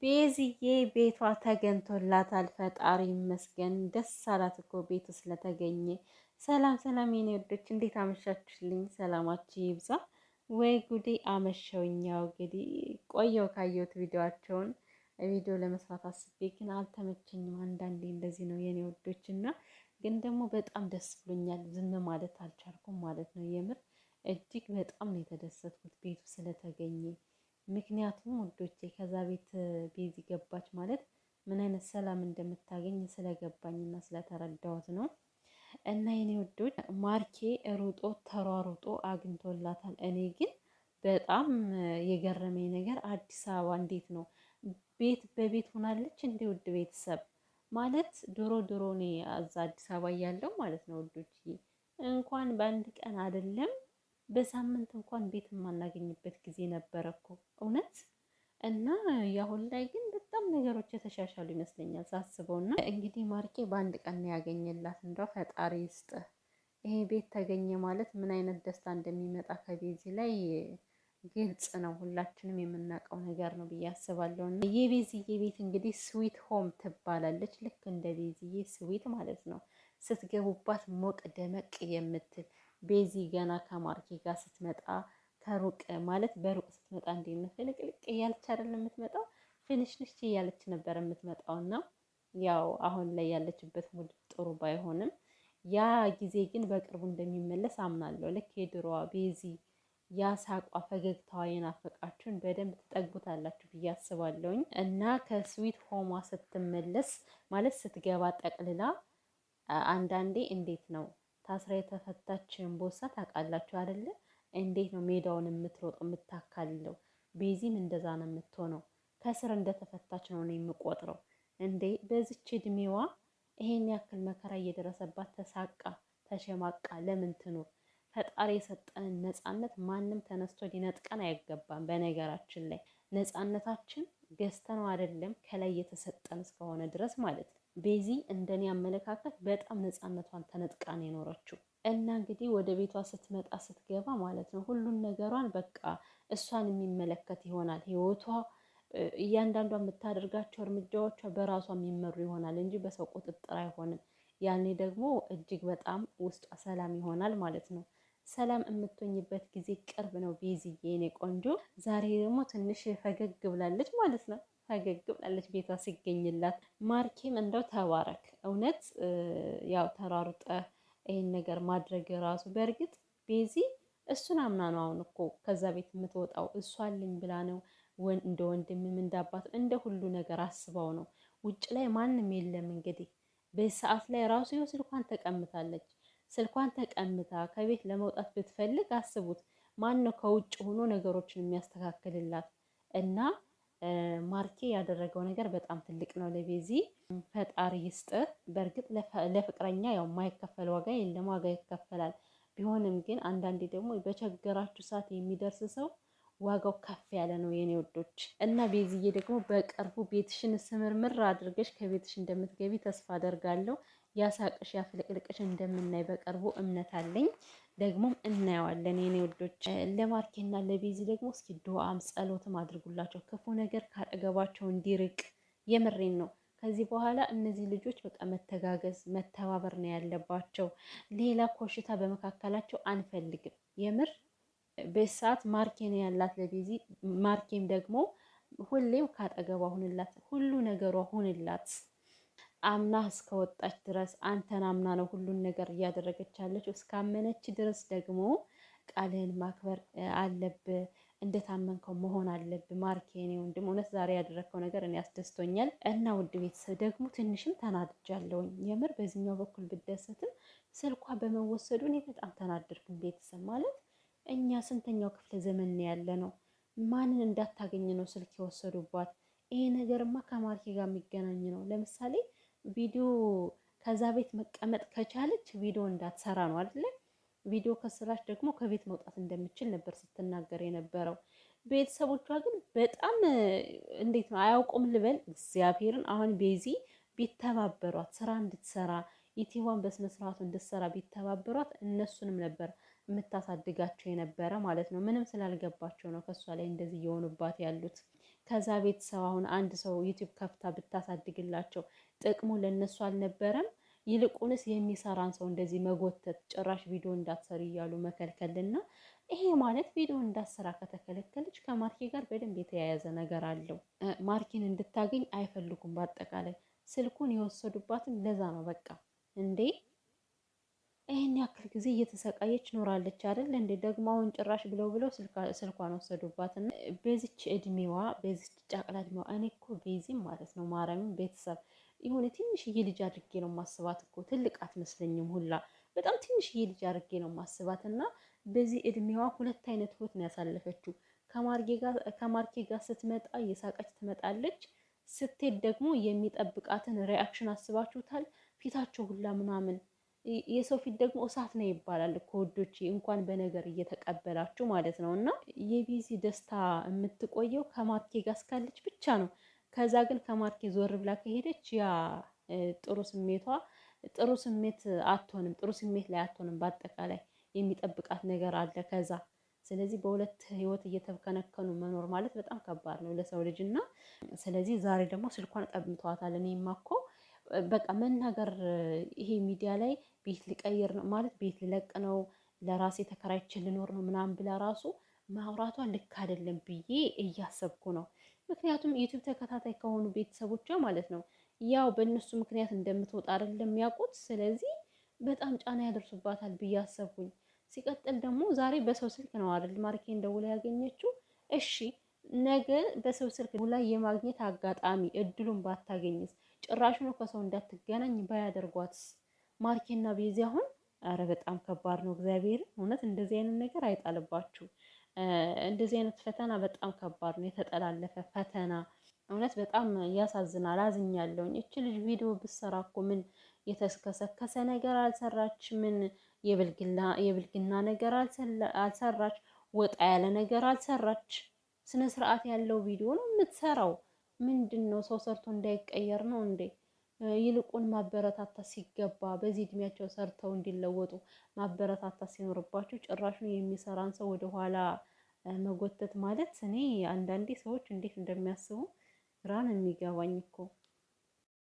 ቤዝዬ ቤቷ ተገንቶላታል ፈጣሪ ይመስገን። ደስ አላት እኮ ቤቱ ስለተገኘ። ሰላም ሰላም፣ የኔ ወዶች እንዴት አመሻችሁልኝ? ሰላማችሁ ይብዛ። ወይ ጉዴ አመሸውኛው። እንግዲህ ቆየው ካየሁት ቪዲዮዋቸውን ቪዲዮ ለመስራት አስቤ ግን አልተመቸኝም። አንዳንዴ እንደዚህ ነው የኔ ወዶች እና ግን ደግሞ በጣም ደስ ብሎኛል። ዝም ማለት አልቻልኩም ማለት ነው። የምር እጅግ በጣም ነው የተደሰትኩት ቤቱ ስለተገኘ ምክንያቱም ውዶቼ ከዛ ቤት ቤዚ ገባች ማለት ምን አይነት ሰላም እንደምታገኝ ስለገባኝና ስለተረዳሁት ነው። እና የኔ ውዶች ማርኬ ሩጦ ተሯሩጦ አግኝቶላታል። እኔ ግን በጣም የገረመኝ ነገር አዲስ አበባ እንዴት ነው ቤት በቤት ሆናለች እንዴ? ውድ ቤተሰብ ማለት ድሮ ድሮ እኔ እዛ አዲስ አበባ እያለሁ ማለት ነው ውዶች እንኳን በአንድ ቀን አይደለም በሳምንት እንኳን ቤት የማናገኝበት ጊዜ ነበረ እኮ እውነት። እና ያሁን ላይ ግን በጣም ነገሮች የተሻሻሉ ይመስለኛል ሳስበው። እና እንግዲህ ማርኬ በአንድ ቀን ያገኘላት እንደው ፈጣሪ ይስጥ። ይሄ ቤት ተገኘ ማለት ምን አይነት ደስታ እንደሚመጣ ከቤዚ ላይ ግልጽ ነው። ሁላችንም የምናውቀው ነገር ነው ብዬ አስባለሁ። እና የቤዝዬ ቤት እንግዲህ ስዊት ሆም ትባላለች። ልክ እንደ ቤዝዬ ስዊት ማለት ነው። ስትገቡባት ሞቅ ደመቅ የምትል ቤዚ ገና ከማርኬ ጋር ስትመጣ ከሩቅ ማለት በሩቅ ስትመጣ እንዴት ፍልቅልቅ እያለች አይደለም የምትመጣው፣ ፍንሽንሽ እያለች ነበር የምትመጣው። እና ያው አሁን ላይ ያለችበት ሙድ ጥሩ ባይሆንም ያ ጊዜ ግን በቅርቡ እንደሚመለስ አምናለሁ። ልክ የድሮዋ ቤዚ ሳቋ ፈገግታዋ የናፈቃችሁን በደንብ ትጠግቡታላችሁ ብዬ አስባለሁኝ። እና ከስዊት ሆሟ ስትመለስ ማለት ስትገባ ጠቅልላ አንዳንዴ እንዴት ነው ታስራ የተፈታች እንቦሳ ታውቃላችሁ አይደለ? እንዴት ነው ሜዳውን የምትሮጥ የምታካልለው? ቤዚም እንደዛ ነው የምትሆነው። ከስር እንደተፈታች ነው የምቆጥረው። እንዴ በዚች እድሜዋ ይሄን ያክል መከራ እየደረሰባት ተሳቃ ተሸማቃ ለምን ትኑር? ፈጣሪ የሰጠንን ነፃነት ማንም ተነስቶ ሊነጥቀን አይገባም። በነገራችን ላይ ነፃነታችን ገዝተነው አይደለም ከላይ የተሰጠን እስከሆነ ድረስ ማለት ነው። ቤዚ እንደኔ አመለካከት በጣም ነፃነቷን ተነጥቃን የኖረችው እና እንግዲህ ወደ ቤቷ ስትመጣ ስትገባ ማለት ነው ሁሉን ነገሯን በቃ እሷን የሚመለከት ይሆናል ህይወቷ እያንዳንዷ የምታደርጋቸው እርምጃዎቿ በራሷ የሚመሩ ይሆናል እንጂ በሰው ቁጥጥር አይሆንም። ያኔ ደግሞ እጅግ በጣም ውስጧ ሰላም ይሆናል ማለት ነው። ሰላም የምትሆኝበት ጊዜ ቅርብ ነው ቤዝዬ፣ የኔ ቆንጆ። ዛሬ ደግሞ ትንሽ ፈገግ ብላለች ማለት ነው። ፈገግ ብላለች ቤቷ ሲገኝላት። ማርኬም እንደው ተባረክ እውነት ያው ተሯሩጠ ይሄን ነገር ማድረግ ራሱ በእርግጥ ቤዚ እሱን አምና ነው አሁን እኮ ከዛ ቤት የምትወጣው እሱ አለኝ ብላ ነው። እንደ ወንድምም እንዳባት እንደ ሁሉ ነገር አስባው ነው። ውጭ ላይ ማንም የለም እንግዲህ በሰዓት ላይ ራሱ ይኸው ስልኳን ተቀምታለች። ስልኳን ተቀምታ ከቤት ለመውጣት ብትፈልግ አስቡት፣ ማን ነው ከውጭ ሆኖ ነገሮችን የሚያስተካክልላት እና ማርኬ ያደረገው ነገር በጣም ትልቅ ነው። ለቤዚ ፈጣሪ ይስጥ። በእርግጥ ለፍቅረኛ ያው የማይከፈል ዋጋ የለም፣ ዋጋ ይከፈላል። ቢሆንም ግን አንዳንዴ ደግሞ በቸገራችሁ ሰዓት የሚደርስ ሰው ዋጋው ከፍ ያለ ነው የኔ ወዶች። እና ቤዚዬ ደግሞ በቅርቡ ቤትሽን ስምርምር አድርገሽ ከቤትሽ እንደምትገቢ ተስፋ አደርጋለሁ። ያሳቅሽ ያፍልቅልቅሽ እንደምናይ በቅርቡ እምነት አለኝ። ደግሞም እናየዋለን የኔ ውዶች። ለማርኬና ለቤዚ ደግሞ እስኪ ዱዓም ጸሎትም አድርጉላቸው ክፉ ነገር ካጠገባቸው እንዲርቅ። የምሬን ነው። ከዚህ በኋላ እነዚህ ልጆች በቃ መተጋገዝ መተባበር ነው ያለባቸው። ሌላ ኮሽታ በመካከላቸው አንፈልግም። የምር በሰዓት ማርኬ ነው ያላት ለቤዚ። ማርኬም ደግሞ ሁሌም ካጠገቧ ሁንላት፣ ሁሉ ነገሯ ሁንላት። አምና እስከወጣች ድረስ አንተን አምና ነው ሁሉን ነገር እያደረገች ያለችው። እስካመነች ድረስ ደግሞ ቃልህን ማክበር አለብህ። እንደታመንከው መሆን አለብህ። ማርኬ እኔ ወንድም እውነት ዛሬ ያደረግከው ነገር እኔ ያስደስቶኛል እና ውድ ቤተሰብ ደግሞ ትንሽም ተናድጃለሁኝ። የምር በዚህኛው በኩል ብደሰትም ስልኳ በመወሰዱ እኔ በጣም ተናደድኩኝ። ቤተሰብ ማለት እኛ ስንተኛው ክፍለ ዘመን ያለ ነው? ማንን እንዳታገኝ ነው ስልክ የወሰዱባት? ይሄ ነገርማ ከማርኬ ጋር የሚገናኝ ነው። ለምሳሌ ቪዲዮ ከዛ ቤት መቀመጥ ከቻለች ቪዲዮ እንዳትሰራ ነው አይደለ? ቪዲዮ ከስራች ደግሞ ከቤት መውጣት እንደምችል ነበር ስትናገር የነበረው። ቤተሰቦቿ ግን በጣም እንዴት ነው አያውቁም ልበል እግዚአብሔርን። አሁን ቤዚ ቢተባበሯት ስራ እንድትሰራ ኢቲዋን በስነስርዓቱ እንድትሰራ ቢተባበሯት እነሱንም ነበር የምታሳድጋቸው የነበረ ማለት ነው። ምንም ስላልገባቸው ነው ከእሷ ላይ እንደዚህ እየሆኑባት ያሉት። ከዛ ቤተሰብ አሁን አንድ ሰው ዩቲዩብ ከፍታ ብታሳድግላቸው ጥቅሙ ለነሱ አልነበረም። ይልቁንስ የሚሰራን ሰው እንደዚህ መጎተት፣ ጭራሽ ቪዲዮ እንዳትሰሪ እያሉ መከልከልና ይሄ ማለት ቪዲዮ እንዳትሰራ ከተከለከለች ከማርኬ ጋር በደንብ የተያያዘ ነገር አለው። ማርኬን እንድታገኝ አይፈልጉም። በአጠቃላይ ስልኩን የወሰዱባትም ለዛ ነው። በቃ እንዴ ይህን ያክል ጊዜ እየተሰቃየች ኖራለች አይደል እንዴ? ደግሞ አሁን ጭራሽ ብለው ብለው ስልኳን ወሰዱባት። በዚች እድሜዋ በዚች ጫቅላ እድሜዋ እኔ እኮ ቤዚም ማለት ነው ማርያምን ቤተሰብ የሆነ ትንሽዬ ልጅ አድርጌ ነው ማስባት እኮ ትልቅ አትመስለኝም ሁላ በጣም ትንሽዬ ልጅ አድርጌ ነው ማስባት እና በዚህ እድሜዋ ሁለት አይነት ህይወት ነው ያሳለፈችው። ከማርኬ ጋር ስትመጣ እየሳቀች ትመጣለች። ስትሄድ ደግሞ የሚጠብቃትን ሪያክሽን አስባችሁታል? ፊታቸው ሁላ ምናምን የሰው ፊት ደግሞ እሳት ነው ይባላል እኮ እንኳን በነገር እየተቀበላችሁ ማለት ነው። እና የቢዚ ደስታ የምትቆየው ከማርኬ ጋር እስካለች ብቻ ነው። ከዛ ግን ከማርኬ ዞር ብላ ከሄደች ያ ጥሩ ስሜቷ ጥሩ ስሜት አትሆንም፣ ጥሩ ስሜት ላይ አትሆንም። በአጠቃላይ የሚጠብቃት ነገር አለ ከዛ ስለዚህ በሁለት ህይወት እየተከነከኑ መኖር ማለት በጣም ከባድ ነው ለሰው ልጅ እና ስለዚህ ዛሬ ደግሞ ስልኳን ጠምተዋታል። እኔማ እኮ በቃ መናገር ይሄ ሚዲያ ላይ ቤት ልቀይር ነው ማለት ቤት ልለቅ ነው ለራሴ ተከራይቼ ልኖር ነው ምናምን ብላ ራሱ ማውራቷ ልክ አይደለም ብዬ እያሰብኩ ነው። ምክንያቱም ዩቲዩብ ተከታታይ ከሆኑ ቤተሰቦቿ ማለት ነው ያው በእነሱ ምክንያት እንደምትወጣ አይደለም የሚያውቁት። ስለዚህ በጣም ጫና ያደርሱባታል ብዬ አሰብኩኝ። ሲቀጥል ደግሞ ዛሬ በሰው ስልክ ነው አይደል ማርኬን ደውላ ያገኘችው። እሺ ነገ በሰው ስልክ ላይ የማግኘት አጋጣሚ እድሉን ባታገኝስ? ጭራሽ ነው ከሰው እንዳትገናኝ ባያደርጓትስ? ማርኬና ቤዚ አሁን ኧረ በጣም ከባድ ነው። እግዚአብሔር እውነት እንደዚህ አይነት ነገር አይጣልባችሁ። እንደዚህ አይነት ፈተና በጣም ከባድ ነው። የተጠላለፈ ፈተና እውነት በጣም ያሳዝናል። አዝኛለሁ። እች ልጅ ቪዲዮ ብትሰራ እኮ ምን የተስከሰከሰ ነገር አልሰራች፣ ምን የብልግና ነገር አልሰራች፣ ወጣ ያለ ነገር አልሰራች። ስነ ስርዓት ያለው ቪዲዮ ነው የምትሰራው። ምንድን ነው ሰው ሰርቶ እንዳይቀየር ነው እንዴ? ይልቁን ማበረታታ ሲገባ በዚህ እድሜያቸው ሰርተው እንዲለወጡ ማበረታታ ሲኖርባቸው ጭራሹን የሚሰራን ሰው ወደኋላ መጎተት ማለት እኔ አንዳንዴ ሰዎች እንዴት እንደሚያስቡ ግራ ነው የሚገባኝ እኮ።